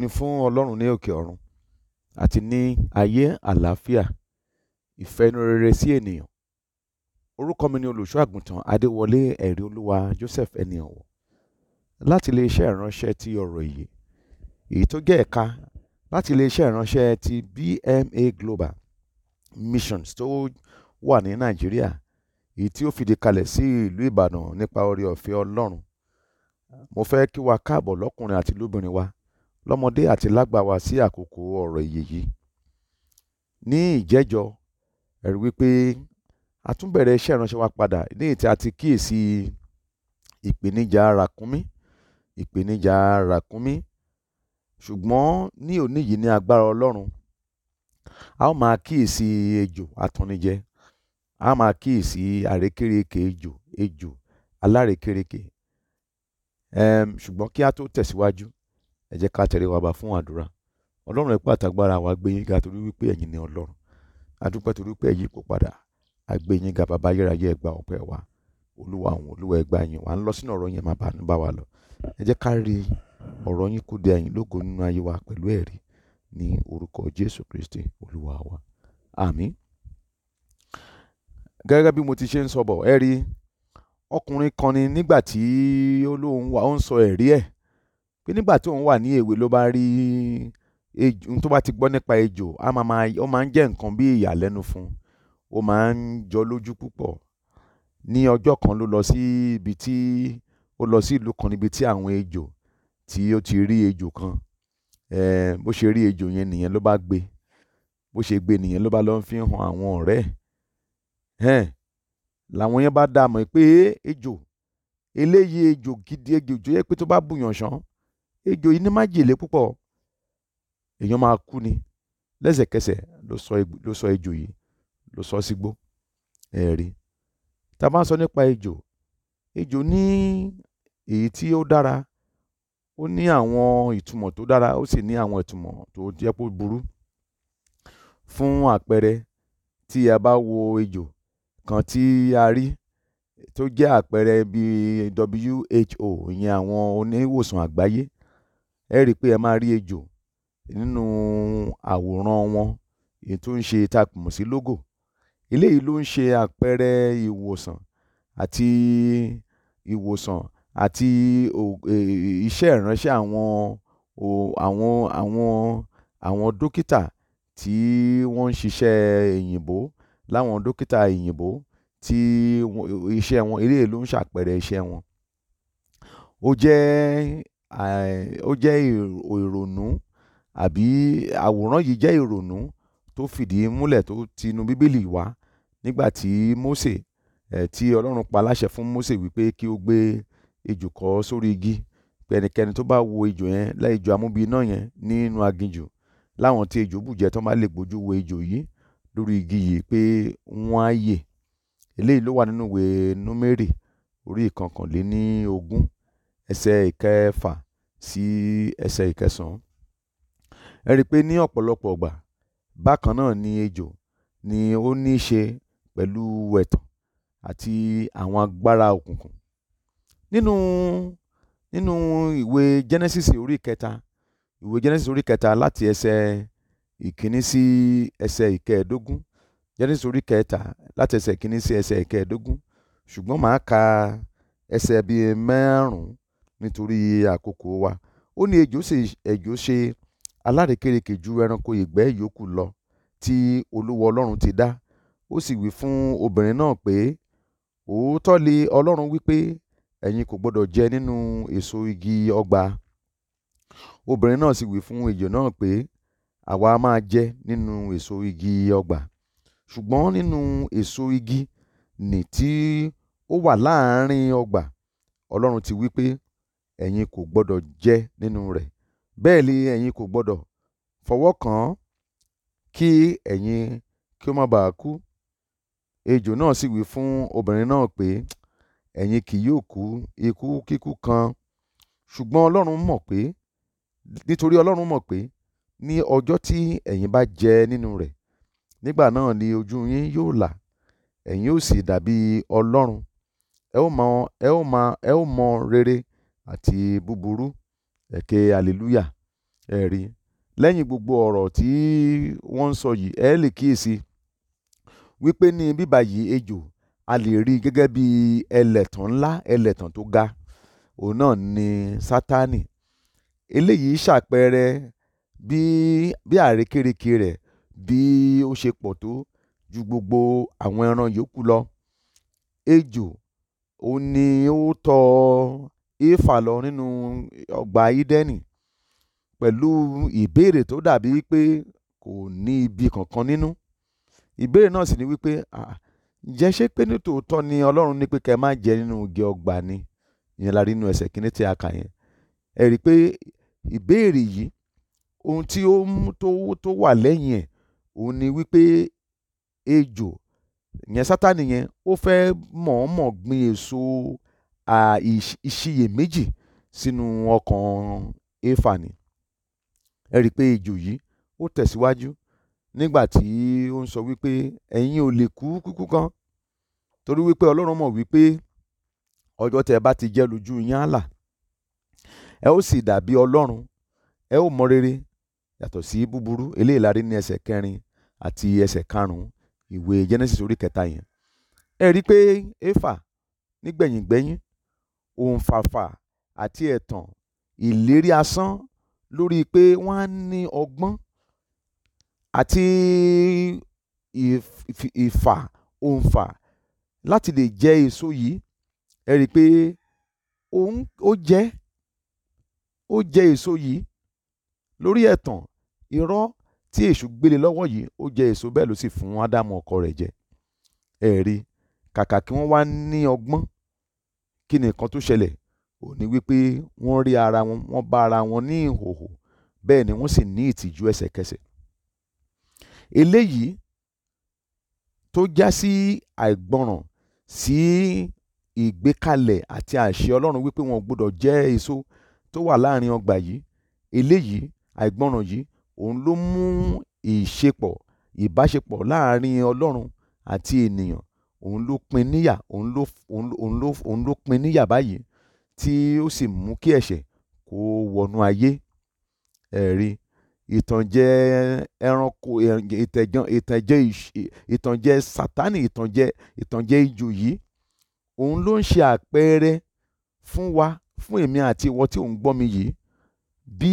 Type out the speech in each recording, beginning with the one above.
ni fún Ọlọ́run ní òkè ọ̀run àti ní ayé àlàáfíà ìfẹ́ inú rere sí ènìyàn orúkọ mi ni olùṣọ́ àgùntàn Adéwọlé ẹ̀rí olúwa Joseph ẹni ọ̀wọ̀ láti iléeṣẹ́ ìránṣẹ́ ti ọ̀rọ̀ èyí èyí tó jẹ́ ẹ̀ka láti iléeṣẹ́ ìránṣẹ́ ti BMA Global Missions tó wà ní Nàìjíríà èyí tí ó fìdí kalẹ̀ sí ìlú Ìbàdàn nípa oore ọ̀fẹ́ Ọlọ́run mo fẹ́ kí wa káàbọ̀ lọ́kùnrin àti lóbìnrin wa lọ́mọdé àti lágbà wá sí àkókò ọ̀rọ̀ ìyè yìí ní ìjẹ́jọ́ ẹ̀rí wípé a tún bẹ̀rẹ̀ iṣẹ́ ìránṣẹ́ wa padà ní ìtí a ti kíyèsí ìpèníjà ràkúnmí ìpèníjà ràkúnmí ṣùgbọ́n ní òní yìí ní agbára ọlọ́run a ó máa kíyèsí ejò atannijẹ a máa kíyèsí àrékérekè ejò ejò alárékérekè ṣùgbọ́n kí a tó tẹ̀síwájú ẹ jẹ́ ká tẹ̀lé wa bá fún àdúrà ọlọ́run ẹ pé àtàgbára wa gbé yín ga torí wípé ẹ̀yin ni ọlọ́run adúpẹ́ torí pé ẹ̀yin kò padà àgbé yín ga bàbá ayérayé ẹgbà ọpẹ́ wa olúwa àwọn olúwa ẹgbà yín wa ń lọ sínú ọ̀rọ̀ yẹn máa bá bá wa lọ ẹ jẹ́ ká rí ọ̀rọ̀ yín kó de ẹ̀yìn lógo nínú ayé wa pẹ̀lú ẹ̀rí ní orúkọ jésù kristi olúwa wa àmín gẹ́gẹ́ bí mo ti ṣe ń sọ bọ̀ ẹ ọkùnrin kan ni nígbà tí ó lóun ó ń sọ ẹ̀rí ẹ̀ pé nígbà tí òun wà ní èwe ló bá rí ejò tó bá ti gbọ́ nípa ejò á máa máa ó máa ń jẹ́ nǹkan bí ìyàlẹ́nu fún un ó máa ń jọ lójú púpọ̀ ní ọjọ́ kan ló lọ sí ibi tí ó lọ sí ìlú kan níbi tí àwọn ejò tí ó ti rí ejò kan bó ṣe rí ejò yẹn nìyẹn ló bá gbé bó ṣe gbé nìyẹn ló bá lọ fi hàn àwọn ọ̀rẹ́ ẹ̀ làwọn yẹn bá dá pé ejò eléyìí ejò gidi ejò tó yẹ pé tó bá bùyàn ejò yìí ní májèlé púpọ̀ èèyàn máa kú ni lẹ́sẹ̀kẹsẹ̀ ló sọ ejò yìí ló sọ sígbó ẹ̀rí tá a bá ń sọ nípa ejò ejò ní èyí tí ó dára ó ní àwọn ìtumọ̀ tó dára ó sì ní àwọn ìtumọ̀ tó jẹ́ pé ó burú fún àpẹẹrẹ tí a bá wo ejò kan tí a rí tó jẹ́ àpẹẹrẹ bíi WHO ìyẹn àwọn oníwòsàn àgbáyé ẹ rí i pé ẹ máa rí ejò nínú àwòrán wọn èyí tó ń ṣe tá a mọ̀ sí logo eléyìí ló ń ṣe àpẹẹrẹ ìwòsàn àti ìwòsàn àti e, iṣẹ́ ìránṣẹ́ àwọn àwọn àwọn àwọn dókítà tí wọ́n ń ṣiṣẹ́ èyìnbó láwọn dókítà èyìnbó tí iṣẹ́ wọn eléyìí ló ń ṣàpẹẹrẹ iṣẹ́ wọn ó jẹ́ ó jẹ́ ìrònú àbí àwòrán yìí jẹ́ ìrònú tó fìdí múlẹ̀ tó ti inú bíbélì wá nígbà tí Mósè tí Ọlọ́run pa láṣẹ fún Mósè wípé kí ó gbé ejò kọ́ sórí igi pé ẹnikẹ́ni tó bá wo ejò yẹn lẹ́yìn ejò amúbíná yẹn nínú aginjù láwọn tí ejò bùjẹ tó má lè gbójú wo ejò yìí lórí igi yìí pé wọ́n á yè eléyìí ló wà nínú ìwé Númérì orí ìkọkànléní ogún ẹsẹ̀ ìkẹfà sí ẹsẹ̀ ìkẹsàn-án. ẹ rí i pé ní ọ̀pọ̀lọpọ̀ ọgbà bákan náà ni ejò ni ó ní í ṣe pẹ̀lú ẹ̀tàn àti àwọn agbára òkùnkùn. nínú nínú ìwé genesis orí kẹta ìwé genesis orí kẹta láti ẹsẹ̀ ìkíní sí ẹsẹ̀ ìkẹẹ̀dógún genesis orí kẹta láti ẹsẹ̀ ìkíní sí ẹsẹ̀ ìkẹẹ̀dógún ṣùgbọ́n màá ka ẹsẹ̀ bíi márùn nítorí àkókò wa ó ní ejò ṣe alárekérekè ju ẹranko ìgbẹ́ yòókù lọ tí olúwa ọlọ́run ti dá ó sì wí fún obìnrin náà pé òótọ́ lé ọlọ́run wípé ẹ̀yin kò gbọ́dọ̀ jẹ nínú èso igi ọgbà obìnrin náà sì wí fún ejò náà pé àwa máa jẹ nínú èso igi ọgbà ṣùgbọ́n nínú èso igi nì tí ó wà láàárín ọgbà ọlọ́run ti wí pé ẹ̀yin kò gbọ́dọ̀ jẹ nínú rẹ̀ bẹ́ẹ̀ ni ẹ̀yin kò gbọ́dọ̀ fọwọ́ kàn án kí ẹ̀yin kí ó má baà kú ejò náà sì wí fún obìnrin náà pé ẹ̀yin kì yóò kú ikú kíkú kan ṣùgbọ́n ọlọ́run mọ̀ pé nítorí ọlọ́run mọ̀ pé ní ọjọ́ tí ẹ̀yin bá jẹ nínú rẹ̀ nígbà náà ni ojú yín yóò là ẹ̀yin yóò sì dàbí ọlọ́run ẹ ó mọ ẹ ó mọ ẹ ó mọ rere àti búburú ẹ ké hallelujah ẹ rí lẹ́yìn gbogbo ọ̀rọ̀ tí wọ́n ń sọ yìí ẹ lè kíyèsí wípé ní bíbá yìí ejò a lè rí i gẹ́gẹ́ bí ẹlẹ́tàn ńlá ẹlẹ́tàn tó ga òun náà ni sátánì eléyìí ṣàpẹẹrẹ bí bí àrékérekè rẹ̀ bí ó ṣe pọ̀ tó ju gbogbo àwọn ẹran yòókù lọ ejò òun ni ó tọ́ ọ éfà lọ nínú ọgbà ídẹ́nì pẹ̀lú ìbéèrè tó dàbí pé kò ní ibi kankan nínú ìbéèrè náà sì ni wípé ǹjẹ́ ṣé pé nítòótọ́ ni ọlọ́run ní pé kẹ́ má jẹ nínú igi ọgbà ni ìyẹn la rí nínú ẹsẹ̀ kínní tí a kà yẹn ẹ rí i pé ìbéèrè yìí ohun tí ó mú tó wà lẹ́yìn ẹ̀ òun ni wípé ejò ìyẹn sátani yẹn ó fẹ́ mọ̀ọ́mọ̀ gbin èso ìṣiyèméjì sínú ọkàn éfà ni ẹ rí i pé ejò yìí ó tẹ̀síwájú nígbà tí ó ń sọ wípé ẹ̀yin ò lè kú kúkú kan torí wípé ọlọ́run mọ̀ wípé ọjọ́ tẹ́ ẹ bá ti jẹ́ lójú yín á là ẹ ó sì dàbí ọlọ́run ẹ ó mọ rere yàtọ̀ sí búburú eléyìí la ní ẹsẹ̀ kẹrin àti ẹsẹ̀ karùn-ún ìwé Genesis orí kẹta yẹn ẹ rí i pé éfà nígbẹ̀yìngbẹ́yìn òǹfàfà àti ẹ̀tàn ìlérí asán lórí pé wọ́n á ní ọgbọ́n àti ìfà òǹfà láti lè jẹ èso yìí ẹ rí i pé ó jẹ́ ó jẹ èso yìí lórí ẹ̀tàn irọ́ tí èṣù gbélé lọ́wọ́ yìí ó jẹ èso bẹ́ẹ̀ ló sì fún ádámù ọkọ rẹ̀ jẹ ẹ̀rí kàkà kí wọ́n wá ní ọgbọ́n kí ni nǹkan tó ṣẹlẹ̀ ò ní wípé wọ́n rí ara wọn wọ́n bá ara wọn ní ìhòhò bẹ́ẹ̀ ni wọ́n sì ní ìtìjú ẹsẹ̀kẹsẹ̀ eléyìí tó já sí àìgbọràn sí ìgbékalẹ̀ àti àṣẹ Ọlọ́run wípé wọn ò gbọdọ̀ jẹ èso tó wà láàrin ọgbà yìí eléyìí àìgbọràn yìí òun ló mú ìṣepọ̀ ìbáṣepọ̀ láàrin Ọlọ́run àti ènìyàn òun ló pin níyà òun ló òun ló òun ló pin níyà báyìí tí ó sì mú kí ẹ̀ṣẹ̀ kó wọnú ayé ẹ̀rí ìtànjẹ ẹranko ìtànjẹ ìtànjẹ sátánì ìtànjẹ ìtànjẹ ijù yìí òun ló ń ṣe àpẹẹrẹ fún wa fún èmi àti ìwọ tí ò gbọ́ mi yìí bí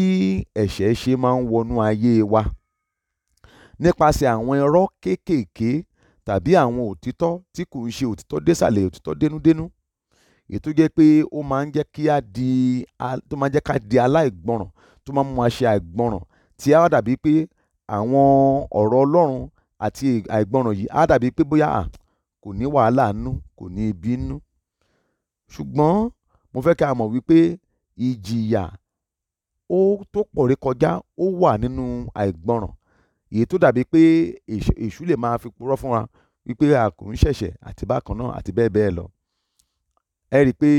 ẹ̀ṣẹ̀ ṣe máa ń wọnú ayé wa nípasẹ̀ àwọn irọ́ kéékèèké tàbí àwọn òtítọ́ tí kò ń ṣe òtítọ́ désàlẹ̀ òtítọ́ dénúdénú ètò jẹ́ pé ó máa ń jẹ́ kí a di tó máa ń jẹ́ ká di aláìgbọràn tó máa ń mú wa ṣe àìgbọràn tí a dàbí pé àwọn ọ̀rọ̀ Ọlọ́run àti àìgbọràn yìí a dàbí pé bóyá kò ní wàhálà nú kò ní ibi nú ṣùgbọ́n mo fẹ́ ká mọ̀ wípé ìjìyà ó tó pọ̀ rékọjá ó wà nínú àìgbọràn èyí tó dàbí pé èṣù lè máa fi purọ́ fún wa wípé a kò ń ṣẹ̀ṣẹ̀ àti bákan náà àti bẹ́ẹ̀ bẹ́ẹ̀ lọ ẹ rí i pé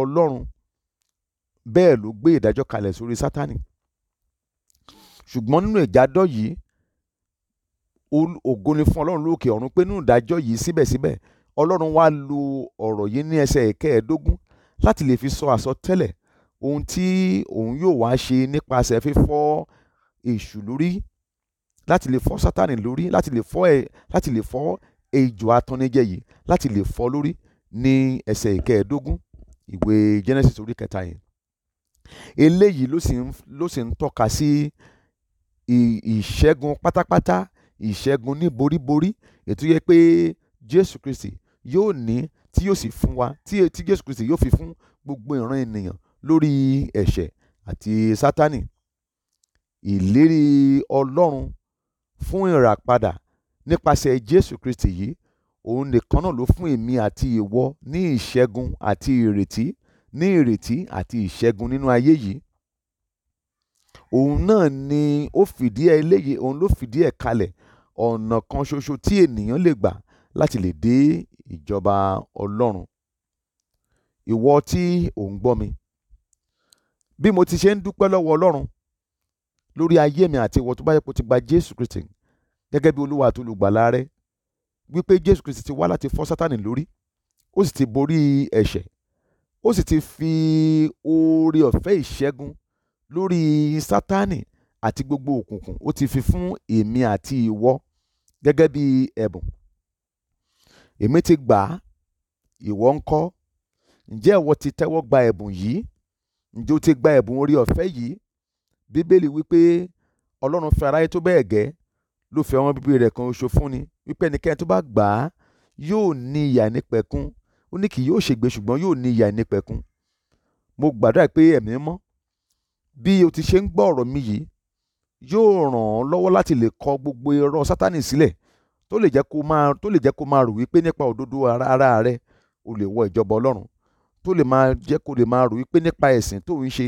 ọlọ́run bẹ́ẹ̀ ló gbé ìdájọ́ kalẹ̀ sórí sátánì ṣùgbọ́n nínú ìjádọ́ yìí ògo ni fún ọlọ́run lókè ọ̀run pé nínú ìdájọ́ yìí síbẹ̀síbẹ̀ ọlọ́run wá lo ọ̀rọ̀ yìí ní ẹsẹ̀ ìkẹẹ̀ẹ́dógún láti lè fi sọ àsọtẹ́lẹ̀ ohun tí òun yóò wá ṣe nípasẹ̀ fífọ́ èṣù lórí láti lè fọ́ sátani lórí láti lè fọ́ ẹ láti lè fọ́ ejò atannijẹ yìí láti lè fọ́ lórí ní ẹsẹ̀ ìkẹẹ̀ẹ́dógún ìwé Genesis orí kẹta yẹn eléyìí ló sì ń ló sì ń tọ́ka sí ìṣẹ́gun pátápátá ìṣẹ́gun ní boríborí ètò yẹ pé Jésù Kristi yóò ní tí yóò sì fún wa tí tí Jésù Kristi yóò fi fún gbogbo ìran ènìyàn lórí ẹ̀ṣẹ̀ àti Sátánì ìlérí Ọlọ́run fún ìràpadà nípasẹ̀ jésù kristi yìí òun nìkan náà ló fún èmi àti ìwọ ní ìṣẹ́gun àti ìrètí ní ìrètí àti ìṣẹ́gun nínú ayé yìí òun náà ni ó fìdí ẹ̀ eléyìí òun ló fìdí ẹ̀ kalẹ̀ ọ̀nà kan ṣoṣo tí ènìyàn lè gbà láti lè dé ìjọba ọlọ́run ìwọ tí ò gbọ́ mi bí mo ti ṣe ń dúpẹ́ lọ́wọ́ ọlọ́run lórí ayé mi àti ìwọ tó bá yẹ kó ti gba jésù kristi gẹ́gẹ́ bí olúwa àti olùgbàlà rẹ wípé jésù kristi ti wá láti fọ́ sátánì lórí ó sì ti borí ẹ̀ṣẹ̀ ó sì ti fi oore ọ̀fẹ́ ìṣẹ́gun lórí sátánì àti gbogbo òkùnkùn ó ti fi fún èmi àti ìwọ gẹ́gẹ́ bí ẹ̀bùn èmi ti gbà á ìwọ ńkọ́ ǹjẹ́ ìwọ ti tẹ́wọ́ gba ẹ̀bùn yìí ǹjẹ́ o ti gba ẹ̀bùn oore ọ̀fẹ́ yìí bíbélì wípé ọlọ́run fẹ́ aráyé tó bẹ́ẹ̀ gẹ́ ló fẹ́ ọmọ bíbí rẹ̀ kan oṣù fúnni wípé ẹnikẹ́ni tó bá gbà á yóò ní ìyà nípẹ̀kún ó ní kì yóò ṣègbé ṣùgbọ́n yóò ní ìyà nípẹ̀kún mo gbàdúrà pé ẹ̀mí mọ́ bí o ti ṣe ń gbọ́ ọ̀rọ̀ mi yìí yóò ràn ọ́ lọ́wọ́ láti lè kọ gbogbo irọ́ sátánì sílẹ̀ tó lè jẹ́ kó máa tó lè jẹ́ kó máa rò wípé nípa òdodo ara rẹ o lè wọ ìjọba ọlọ́run tó lè máa jẹ́ kó lè máa rò wípé nípa ẹ̀sìn tó ń ṣe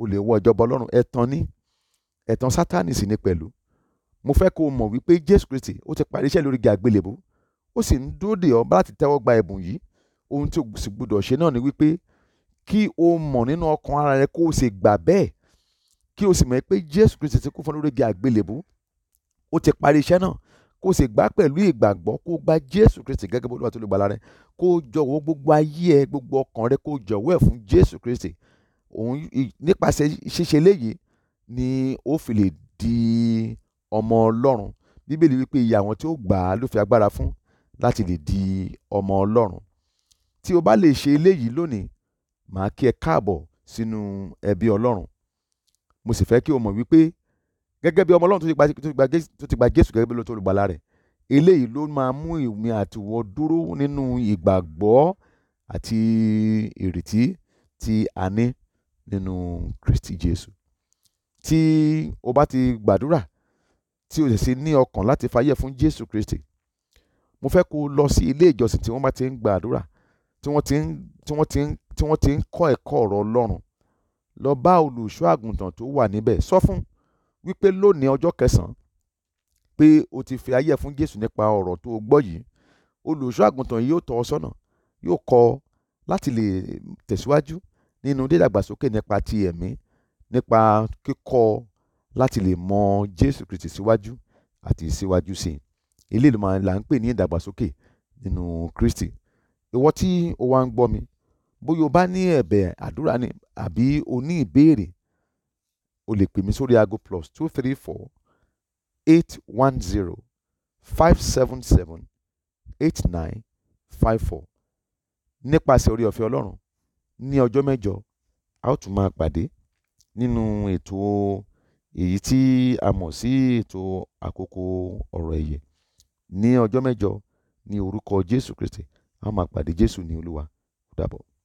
o lè wọ ìjọba ọlọ́run ẹ̀tàn ni ẹ̀tàn sátánì sì ni pẹ̀lú mo fẹ́ kó o mọ̀ wípé jésù kristi ó ti parí iṣẹ́ lórí àgbélébùú ó sì ń dúró dè ọ́ láti tẹ́wọ́ gba ẹ̀bùn yìí ohun tí o sì gbọdọ̀ ṣe náà ni wípé kí o mọ̀ nínú ọkàn ara rẹ kó o sì gbà bẹ́ẹ̀ kí o sì mọ̀ pé jésù kristi ti kú fún lórí àgbélébùú ó ti parí iṣẹ́ náà kó o sì gbà pẹ̀lú ìgbàgbọ́ kó o gba jésù kristi gẹ́gẹ́ bí olúwa tó lè gbàlà rẹ kó o jọ̀wọ́ gbogbo ayé ẹ gbogbo ọkàn rẹ kó o jọ̀wọ́ ẹ̀ fún jésù kristi òun nípasẹ̀ ṣíṣe léyìí ni ó fi lè di ọmọ ọlọ́run bíbélì wípé iye àwọn tí ó gbà á ló fi agbára fún láti lè di ọmọ ọlọ́run tí o bá lè ṣe eléyìí lónìí màá kí ẹ káàbọ̀ sínú ẹbí ọlọ́run mo sì fẹ́ kí o mọ̀ wípé gẹ́gẹ́ bí ọmọ ọlọ́run tó ti gba jésù gẹ́gẹ́ bí lọ́tọ́ olùgbàlà rẹ̀ eléyìí ló máa mú ìwé àtiwọ́ dúró nínú ìgbàgbọ́ àti ìrètí tí a ní nínú Kristi Jésù tí o bá ti gbàdúrà tí o sì sí ní ọkàn láti fayé fún Jésù Kristi mo fẹ́ kó o lọ sí ilé ìjọsìn tí wọ́n bá ti ń gbàdúrà tí wọ́n ti ń tí ti ń tí wọ́n ti ń kọ́ ẹ̀kọ́ ọ̀rọ̀ Ọlọ́run lọ bá olùṣọ́ àgùntàn tó wà níbẹ̀ sọ fún wípé lónìí ọjọ́ kẹsàn-án pé o ti fi ayé fún Jésù nípa ọ̀rọ̀ tó o gbọ́ yìí olùṣọ́ àgùntàn yóò tọ́ ọ sọ́nà yóò kọ́ láti lè tẹ̀síwájú nínú dídàgbàsókè nípa ti ẹ̀mí nípa kíkọ́ láti lè mọ Jésù Kristi síwájú àti síwájú sí i eléyìí ló máa là ń pè ní ìdàgbàsókè nínú Kristi ìwọ tí o wá ń gbọ́ mi bóyá o bá ní ẹ̀bẹ̀ àdúrà ni àbí o ní ìbéèrè o lè pè mí sórí aago plus two three four eight one zero five seven seven eight nine five four nípasẹ̀ orí ọ̀fẹ́ Ọlọ́run ní ọjọ́ mẹ́jọ a ó tún máa pàdé nínú ètò èyí tí a mọ̀ sí ètò àkókò ọ̀rọ̀ ẹ̀yẹ ní ọjọ́ mẹ́jọ ní orúkọ Jésù Kristi a máa pàdé Jésù ní Olúwa ó dàbọ̀.